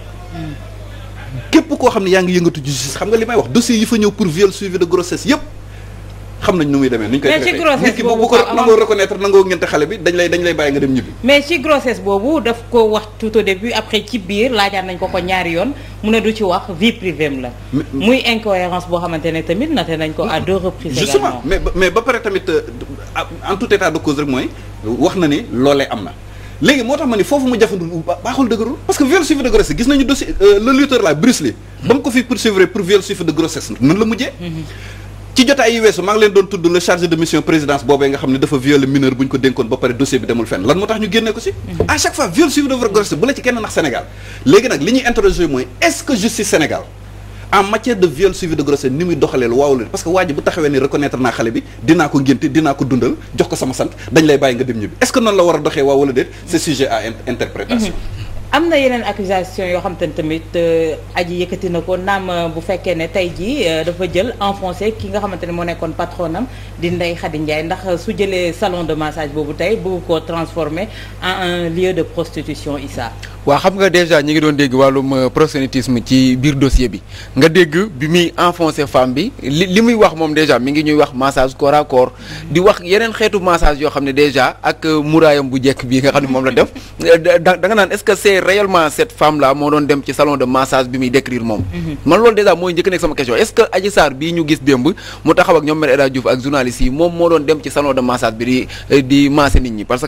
képp koo xam ne yaa ngi yëngatu justice xam nga li may wax dossier yi fa ñëw pour viol suivi de grossesse yëpp xam nañ nu muy demee. nuñ koy traité nit ki bu ko nangoo reconnaître nangoo ngente xale bi dañ lay bàyyi nga dem ñibbi. mais ci grossesse boobu daf ko wax tout au début après ci biir laajaan nañ ko ko ñaari yoon mu ne du ci wax vie la. muy incohérence boo xamante ne tamit noté nañ ko à deux mais ba pare tamit euh, ah, en tout mooy. wax na ni loolee am na léegi moo tax ma ni foofu mu jafandu baaxul dëgërul parce que viol suivi de grossesse gis nañu dossier euh, le lutteur là Bruce Lee ba mu ko fi pour viol de grossesse nan la mujjee ci jotaay yi weesu maa leen doon tudd le chargé de mission présidence boobee nga xam ne dafa violé mineur bu ñu ko dénkoon ba pare dossier bi demul fenn lan moo tax ñu génnee ko si mm-hmm. à chaque fois viol suivi de grossesse bu la ci kenn nax Sénégal léegi nag li ñuy interroger en matière de viol suivi de grossesse ni muy doxalee waaw leen parce que waa ji bu taxawee ni reconnaître naa xale bi dinaa ko ngénte dinaa ko dundal jox ko sama sant dañ lay bàyyi nga dem ñibbi est-ce que noonu la war a doxee waaw wala déet c'est sujet à interprétation mm-hmm. am na yeneen accusation yoo xam ne tamit euh, aji yëkkati na ko naam euh, bu fekkee ne tey jii euh, dafa jël en enfoncé ki nga xamante ne moo nekkoon patronam di Ndeye Khady Ndiaye ndax su jëlee salon de massage boobu tey bëgg koo transformé en un de prostitution Issa waa xam nga déjà ñi ngi doon dégg wàllum euh, proxénétisme ci biir dossier bi nga dégg bi muy enfoncé femme bi li li muy wax moom déjà mi ngi ñuy wax massage corps à corps di wax yeneen xeetu massage yoo xam ne déjà ak euh, bu jekk bi nga xam ne moom la def euh, da nga mm-hmm. yi moom moo doon dem ci salon de massage bi di di masser nit ñi parce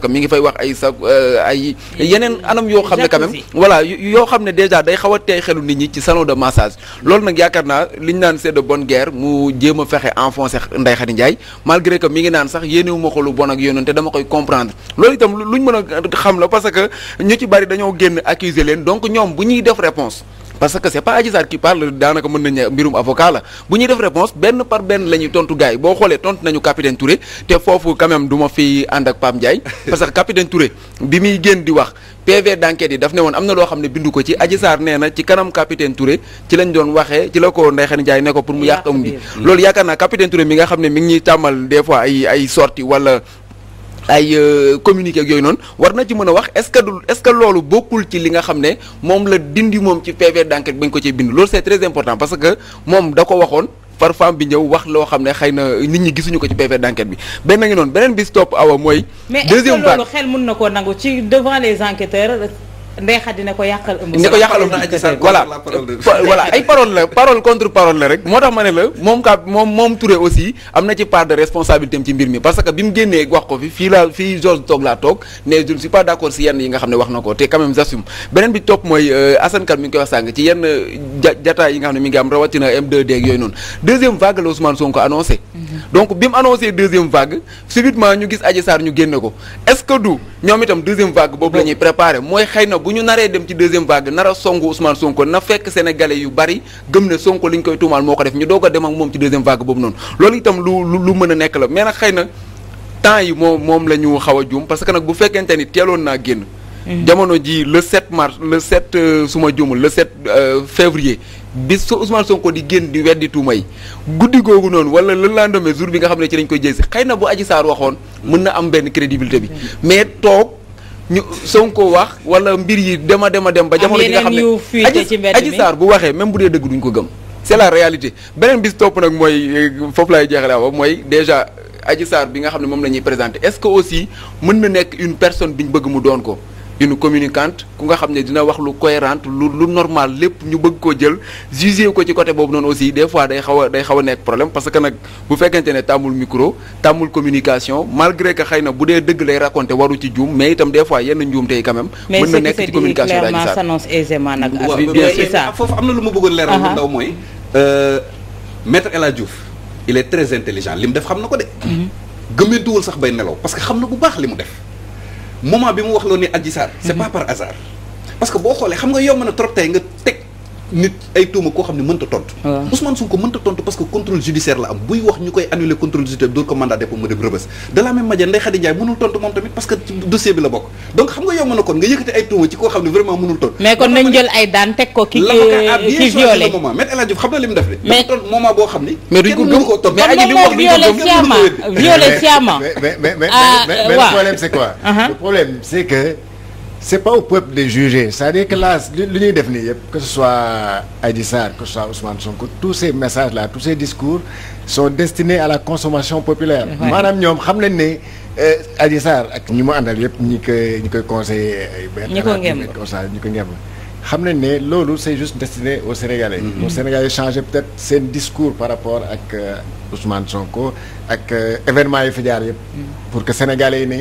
problème voilà yoo xam ne déjà day xaw a tey xelu nit ñi ci salon de massage loolu nag yaakaar naa li ñu naan c'est de bonne guerre mu jéem fexe enfoncé Ndeye Khady Ndiaye malgré que mi ngi naan sax yéenewu ma ko lu bon ak yéenoon te dama koy comprendre loolu itam luñ mën a xam la parce que ñu ci bari dañoo génn accuser leen donc ñoom bu ñuy def réponse parce que c'est pas Adji Sarr qui parle daanaka mën nañu mbirum avocat la bu ñuy def réponse benn par benn la tontu gars boo xoolee tontu nañu capitaine Touré te foofu quand même du ma fi ànd ak Pape Ndiaye parce que capitaine Touré bi muy génn di wax PV d'enquête yi daf ne woon am na loo xam ne bindu ko ci Adji Sarr nee na ci kanam capitaine Touré ci lañ doon waxee ci la ko Ndeye Xane Ndiaye ne ko pour mu yàq am bi loolu yaakaar naa capitaine Touré nga xam ne mi ngi ñuy tàmmal des fois ay ay sorti wala ay euh, communiqué ak yooyu noonu war na ci mën a wax est-ce que du est-ce que loolu bokkul ci li nga xam ne moom la dindi moom ci PV d'enquête bañ ko cee bind loolu c'est très important parce que moom da ko waxoon par femme bi ñëw wax loo xam ne xëy na nit ñi gisuñu ko ci PV d'enquête bi benn ngi noonu beneen bis topp awa mooy. deuxième part mais est loolu xel mën na ko nangu ci devant les enquêteurs. Ndeye Khady ne ko yàqal ëmb. ne ay parole la parole contre parole la rek moo tax ma ne la moom ka moom moom Touré aussi am na ci part de responsabilité ci mbir mi parce que bi mu génnee wax ko fi fii laa fii Georges toog laa toog ne je pas d'accord si yenn yi nga xam ne wax na ko te quand même j'assume beneen bi topp mooy euh, Assane Kane ngi koy wax sàng ci yenn ja yi nga xam ne mi ngi am rawatina M2D noonu deuxième vague la Ousmane Sonko annoncé. Mm-hmm. donc bi mu annoncé gis Adji Sarr ñu génne la ñuy préparé mooy xëy bu ñu naree dem ci deuxième vague nar a songu Ousmane na fekk sénégalais yu bari gëm ne Sonko li ñu koy tuumaal moo ko def ñu doog a dem ak moom ci deuxième vague boobu noonu loolu itam lu lu mën a nekk la mais nag na temps yi moom moom la ñu xaw a parce que nag bu fekkente ni teeloon naa génn. Mhm. jamono ji le 7 mars le 7 euh, suma ma juumul le 7 euh, février bis su Ousmane Sonko di génn di weddi tuuma yi guddi googu noonu wala le lendemain jour bi nga xam ne ci lañ koy jël xëy na bu Adji Sarr waxoon mën na am benn crédibilité bi mhm. mais toog. ñu Sonko wax wala mbir yi dem a dema dem ba jamono ji nga xam ne Adji Sarr bu waxee même bu dee dëgg duñ ko gëm c'est la réalité beneen bis topp nag mooy euh, foofu laay jeexale wa mooy déjà Adji Sarr bi nga xam ne moom la ñuy présenté est-ce que aussi mën na nekk une personne bi ñu bëgg mu doon ko une communicante ku nga xam ne dina wax lu cohérente lu lu normal lépp ñu bëgg koo jël jugé ko ci côté boobu noonu aussi des fois day xaw a day xaw a nekk problème parce que nag bu fekkente ne tàmmul micro tàmmul communication malgré que xëy na bu dee dëgg lay raconté waru ci juum mais itam des fois yenn njuum tey quand même. mën na nekk ci communication daañu sax foofu am na lu ma bëggoon leeral bu uh-huh. ndaw mooy. Euh, maître El Hadj Diouf il est très intelligent li mu def xam na ko de. Mm-hmm. gëmmantuwul sax bay nelaw parce que xam na bu baax li mu def. moment bi mu wax loo ni Adji Sarr. c'est mhm. pas par hasard. parce que boo xoolee xam nga yomb na trop tey nga teg. nit ay tuuma koo xam ne mënta tontu. Ousmane Sonko mënta tontu parce que contrôle judiciaire la am buy wax ñu koy annuler contrôle judiciaire dóor ko mandat dépôt mu dem rëbës de la même manière Ndeye mënul tontu moom tamit parce que dossier bi la bokk donc xam nga yomb na kon nga yëkkati ay tuuma ci koo xam ne mënul tontu. mais kon nañ jël ay daan teg ko ki ki violé moment maître El Hadj Diouf xam na li mu de mais tontu moment boo xam ni mais duñ ko c'est pas au peuple de juger c'est-à-dire que là lu ñuy def nii yëpp que ce soit Adji Sarr que ce soit Ousmane Sonko tous ces messages là tous ces discours sont destinés à la consommation populaire maanaam ñoom xam nañ ne euh, Adji Sarr ak ñi mu àndal yëpp ñi koy ñi koy conseillé ñi ko ngemb ñi ko ngemb xam nañ ne loolu c'est juste destiné au Sénégalais aux Sénégalais mm-hmm. changer peut-être seen discours par rapport ak euh, Ousmane Sonko ak euh, événement yi fi jaar yëpp mm-hmm. pour que Sénégalais yi ne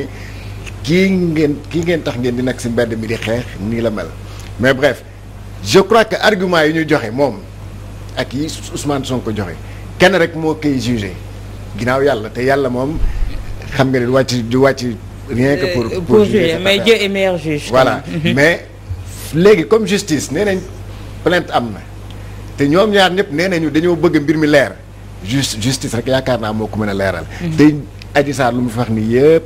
kii ngeen kii ngeen tax ngeen di nag si mbedd mi di xeex nii la mel mais bref je crois que argument yi ñu joxe moom ak yi Ousmane ko joxe kenn rek moo koy jugé ginnaaw yàlla te yàlla moom xam nga ni wàcc du wàcc rien que pour pour, pour juger mais juge voilà mais léegi comme justice nee nañ plainte am na te ñoom ñaar ñëpp nee nañu dañoo bëgg mbir mi leer juste justice rek yaakaar naa moo ko mën a leeral mhm. te Adji Sarr lu mu fi nii yëpp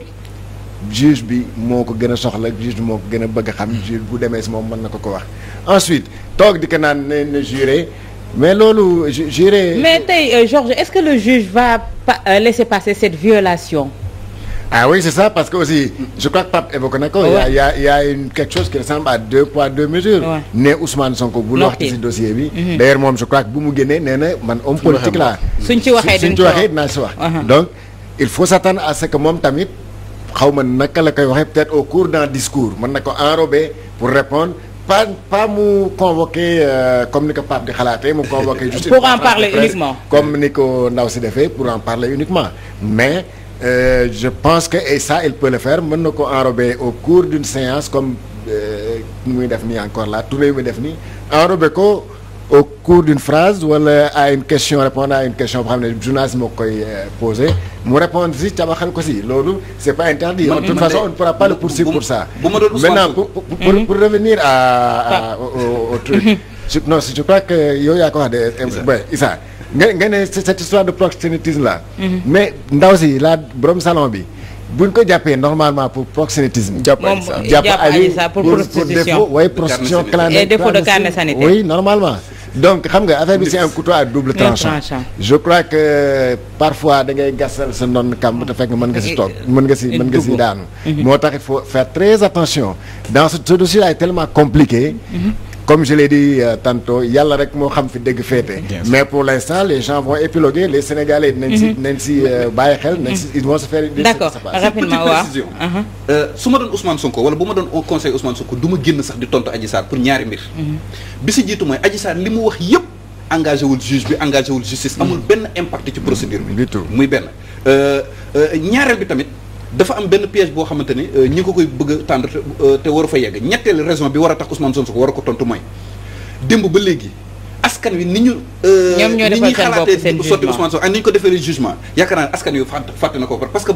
juge bi moo ko gën a soxla juge bi moo ko gën a bëgg a xam hmm. juge bu demee si moom mën na ko ko wax ensuite toog di ko naan ne ne juré mais loolu juré mais tey euh, Georges est-ce que le juge va pa euh, laisser passer cette violation ah oui c'est ça parce que aussi je crois que Pape évoqué na ko y a y a une quelque chose qui ressemble à deux poids deux mesures ne Ousmane Sonko bu la wax ci dossier bi mhm. d'ailleurs moom je crois que bu mu génnee nee na man homme politique la suñ ci waxee suñ ci waxee dinaa si wax uh-huh. donc il faut s'attendre à ce que moom tamit xaw ma naka la koy waxee peut-être au cours d'un discours mën na ko enrober pour répondre pas pas mu convoquer euh, comme ni ko Pape di xalaatee mu convoquer juste pour en parler uniquement comme ni ko ndaw si defee pour en parler uniquement mais euh, je pense que et ça il peut le faire mën na ko enrober au cours d'une séance comme euh, muy def nii encore là tournée muy def nii enrober ko au cours d'une phrase wala a une question répondre à une question boo xam ne journaliste moo koy euh, posé mu répondre si tabaxal ko si loolu c'est pas interdit de toute façon on ne pourra pas le poursuivre pour ça maintenant pour pour revenir à ah. au truc non je crois que yow yaa ko wax de euh, Issa nga nga histoire de proxénétisme là mhm. mais ndaw si la borom salon bi buñ ko jàppee normalement pour proxénétisme. jàpp Alisa pour prostitution pour défaut waaye prostitution de carnet sanitaire oui normalement. donc xam nga affaire bi c'est un couteau à double tranchant je crois que euh, parfois dangay ngay gasal sa ndonn kàmb te fekk mën nga si eh, toog mën nga si mën nga si daanu mhm. moo tax il faut faire très attention dans ce, ce dossier là est tellement compliqué mhm. comme je l'ai dit euh, yàlla rek moo xam fi dégg féete mais pour l'instant les gens vont épiloguer les Sénégalais nañ si mhm. nañ si euh, bàyyi xel nañ si ils vont se faire d'accord rapidement waaw uh-huh. euh, su ma doon Ousmane Sonko wala bu ma doon conseil Ousmane Sonko du ma génn sax di tontu Adji Sarr pour ñaari mbir mhm. bi si jiitu mooy Adji Sarr li mu wax yëpp engagé wul juge bi engagé wul justice amul mhm. benn impact ci procédure bi muy benn euh, ñaareel bi tamit dafa am benn piège boo xamante ni euh, ñi ngi ko koy bëgg tànd tendre euh, te waru fa yegg ñetteelu raison bi war a tax Ousmane Sonko war a ko tontu mooy démb ba léegi askan wi ni ñu. Euh, ñoom ñoo defal seen bopp seen jugement ni ñuy xalaatee sotti Ousmane Sonko ak ñu ko defee jugement yaakaar naa askan wi fàtte na ko parce que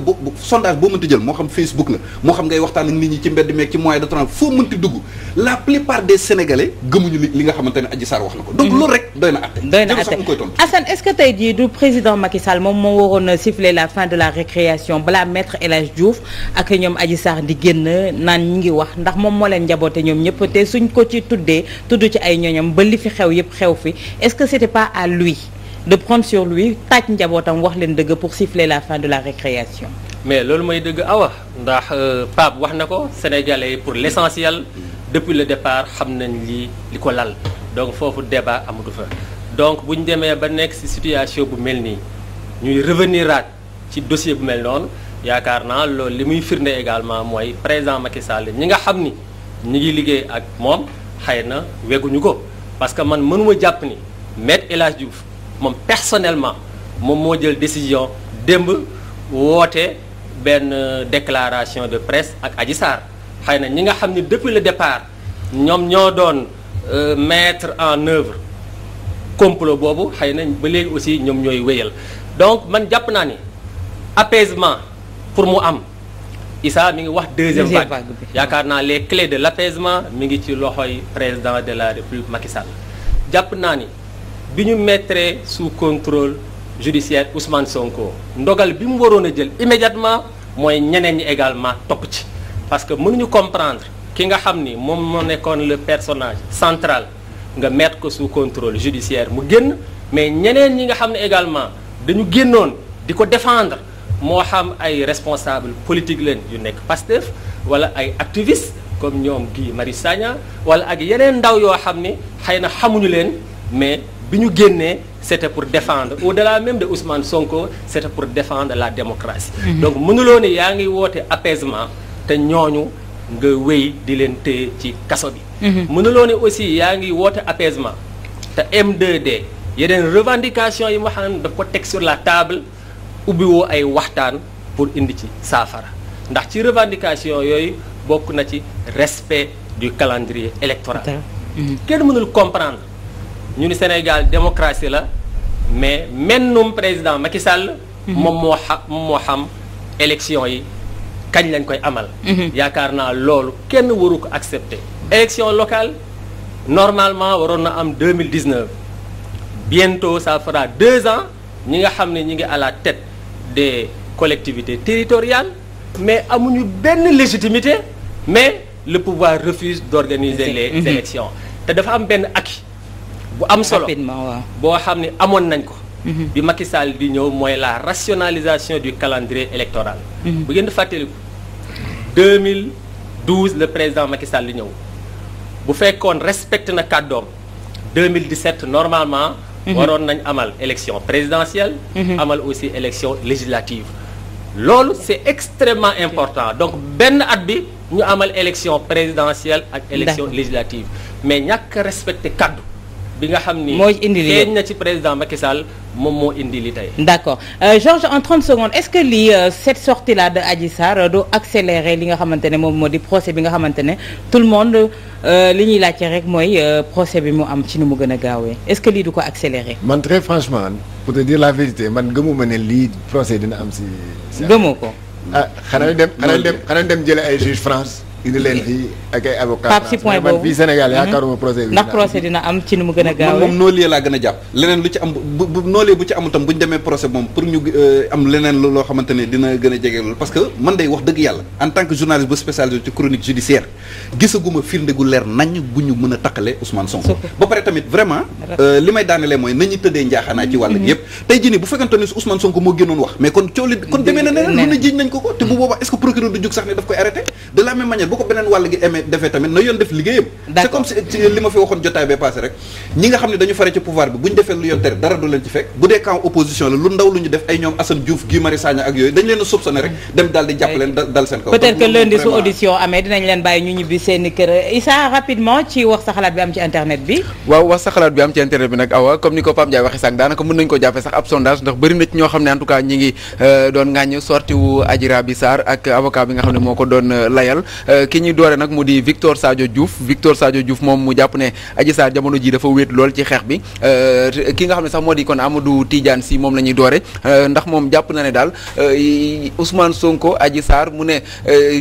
sondage boo mënti jël moo xam Facebook la moo xam ngay waxtaan ak ci mbedd meeg ci moyen de transport foo mënti dugg la plupart des sénégalais gëmuñu li nga xamante ne Adji Sarr wax na ko. donc mhm. loolu rek doy na atte. doy na atte koy tontu. Assane du président Macky moom moo waroon a siffler la fin de la récréation balaa maître El Hadj ak ñoom Adji di génn naan ñi ngi wax ndax moom moo leen ñoom ñëpp te suñ ko ci tuddee tudd ci ay ñooñam ba li fi xew fi est-ce que c'était pas à lui de prendre sur lui taaj njabootam wax leen dëgg pour siffler la fin de la récréation. mais loolu mooy dëgg awa ndax euh, Pape wax na ko sénégalais pour l'essentiel depuis le départ xam nañ li li ko lal donc foofu débat amatu fa. donc bu ñu demee ba nekk ci situation bu mel nii ñuy revenir aat ci dossier bu mel noonu yaakaar naa loolu li muy firnde également mooy président Macky Sall ñi nga xam ni ñi ngi liggéey ak moom xëy na weguñu parce que man mënuma jàpp ni maître El Hadj moom personnellement moom moo jël décision démb woote benn déclaration de presse ak Adji Sarr xëy na ñi nga xam ne depuis le départ ñoom ñoo doon euh, mettre en œuvre complot boobu xëy na ba léegi aussi ñoom ñooy wéyal donc man jàpp naa ni apaisement pour mu am Issa mi ngi wax deuxième vague yaakaar naa les clés de l'apaisement mi ngi ci loxoy président de la république Macky Sall jàpp naa ni bi ñu mettre sous contrôle judiciaire Ousmane Sonko ndogal bi mu waroon a jël immédiatement mooy ñeneen ñi également topp ci parce que mënuñu comprendre ki nga xam ni moom moo nekkoon le personnage central nga mettre ko sous controle judiciaire mu génn mais ñeneen ñi nga xam ne également dañu génnoon di ko défendre moo xam ay responsable politique leen yu nekk Pastef wala ay activiste comme ñoom Guy Marius Sagna wala ak yeneen ndaw yoo xam ni xëy na xamuñu leen mais bi ñu génnee c'était pour défendre de la même de Ousmane Sonko c'était pour défendre la démocratie mhm. donc mënuloo ne yaa ngiy woote apaisement te ñooñu nga wéy di leen téye ci kaso bi mhm. mënuloo ne aussi yaa ngi woote apaisement te m d yeneen revendication yi mu xam ne daf ko teg sur la table ubbiwoo ay waxtaan pour indi ci saafara ndax ci revendication yooyu bokk na ci respect du calendrier électoral mhm. kenn mënul comprendre ñu ni Sénégal démocratie la mais mennum président Macky Sall mhm. moom xam moom moo xam élection yi kañ lañ koy amal mhm. yaakaar naa loolu kenn waru ko accepter élection locale normalement waroon na am 2019 bientôt ça fera deux ans ñi nga xam ne ñi ngi à la tête des collectivités territoriales mais amuñu benn légitimité mais le pouvoir refuse d'organiser les mm élections te dafa am benn acquis bu am solo boo xam ne amoon nañ ko mhm. bi Macky Sall di ñëw mooy la rationalisation du calendrier électoral mhm. bu ngeen di fàttaliku 2012 le président Macky Sall di ñëw bu fekkoon respecte na kàddoom 2017 normalement waroon nañu amal élection présidentielle mhm. amal aussi élection législative loolu c'est extrêmement important donc benn at bi ñu amal élection présidentielle ak élection législative mais ñàkk respecté kaddu bi nga xam ni mooy indi lii na ci président Macky Sall moom moo indi li tey. d' accord euh, Georges en 30 secondes est ce que lii euh, cette sortie là de Adji Sarr euh, doo accélérer li nga xamante ne moom moo di procès bi nga xamante ne tout le monde euh, li ñuy laajte rek mooy procès bi mu am ci nu mu gën a gaawee est ce que lii du ko accélérer. man très franchement pour te dire la vérité man gëmuma ne lii procès dina am si. si gëmoo ko. ah xanaa dem xanaa dem xanaa dem jëlee ay juge France indi leen fii. ak ay avocats. Pape si point boobu man fii Sénégal mhm. yaakaaruma procès bi. ndax procès dina am ci ni mu gën a gaawee moom noolee laa gën a jàpp. leneen lu ci am bu bu noolee bu ci amul tam bu ñu demee procès moom pour ñu euh, am leneen loo xamante ne dina gën a jege loolu parce que man day wax dëgg yàlla en tant que journaliste bu spécialisé ci chronique judiciaire gisaguma firnde gu leer nañ bu ñu mën a taqale Ousmane Sonko. ba pare tamit vraiment. Euh, li may daanelee mooy nañu tëddee njaaxaanaay ci wàll mhm. yëpp tey jii nii bu fekkante ne Ousmane Sonko moo génnoon wax mais kon coow li kon demee na neneen lu ne jiiñ nañ ko ko te bu mhm. boobaa est-ce que procureur du jóg sax ne daf koy arrêté de la même manière bu ko beneen wàll gi amee defee tamit na yoon def liggéeyam c'est comme li ma fi waxoon jotaay bee passé rek ñi nga xam ne dañu fare ci pouvoir bi bu defee lu yoon tere dara du leen ci fekk bu dee camp opposition la lu ndaw lu ñu def ay ñoom Assane Diouf Guy Marius Sagna ak yooyu dañ leen a soupçonné rek dem daal di jàpp leen dal seen kaw peut-être que lundi su audition amee dinañ leen bàyyi ñu ñibbi seen kër Issa rapidement ci wax sa xalaat bi am ci internet bi waaw ne en euh, ko doon euh, layal euh, ki di Victor Sadio Diouf Victor Sadio Diouf moom mu jàpp ne Adji Sarr jamono ji dafa wéet lool ci xeex bi euh, ki nga xam ne sax moo di kon amadu Tidiane si moom la ñuy doore euh, ndax moom jàpp na ne daal euh, Ousmane Sonko Adji Sarr mu ne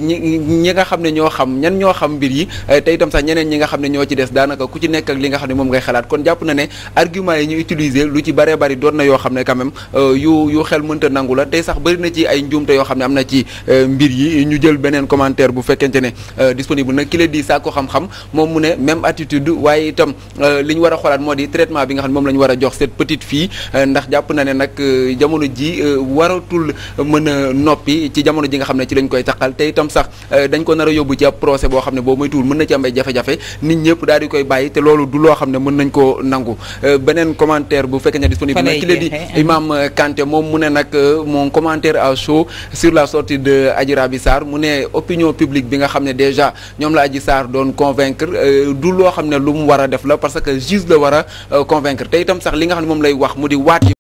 ñi ñi nga xam ne ñoo xam ñan ñoo xam mbir yi te itam sax ñeneen ñi nga xam ne ñoo ci des daanaka ku ci nekk ak li nga xam ne moom ngay xalaat kon jàpp na ne argument yi ñu utiliser lu ci bare bëri doon na yoo xam ne quand même yu yu xel mënta nangu la tey sax bëri na ci ay yoo xam ne am na ci mbir yi ñu jël beneen commentaire bu fekkente ne nag ki la di saako xam-xam moom mu ne même attitude waaye itam euh, war a xoolaat moo di traitement bi nga xam ne moom la ñu war a jox cette euh, na ne nag euh, jamono ji waratul mën a noppi ci jamono ji nga xam ne ci lañ koy taqal te itam sax dañ ko nar a yóbbu ci boo xam ne boo moytuwul mën na ci am ay jafe-jafe di koy bàyyi te loolu du loo xam ne mën nañ koo nangu beneen commentaire bu fekkee ne disponible nag ki la di imam Kanté moom mu ne nag mon commentaire à sur la sortie de Adji Raby mu ne opinion publique bi nga xam ne déjà ñoom la Adji saar doon convaincre euh, du loo xam ne lu mu war a def la parce que juge la war a euh, convaincre te itam sax li nga xam ne moom lay wax mu di waat yi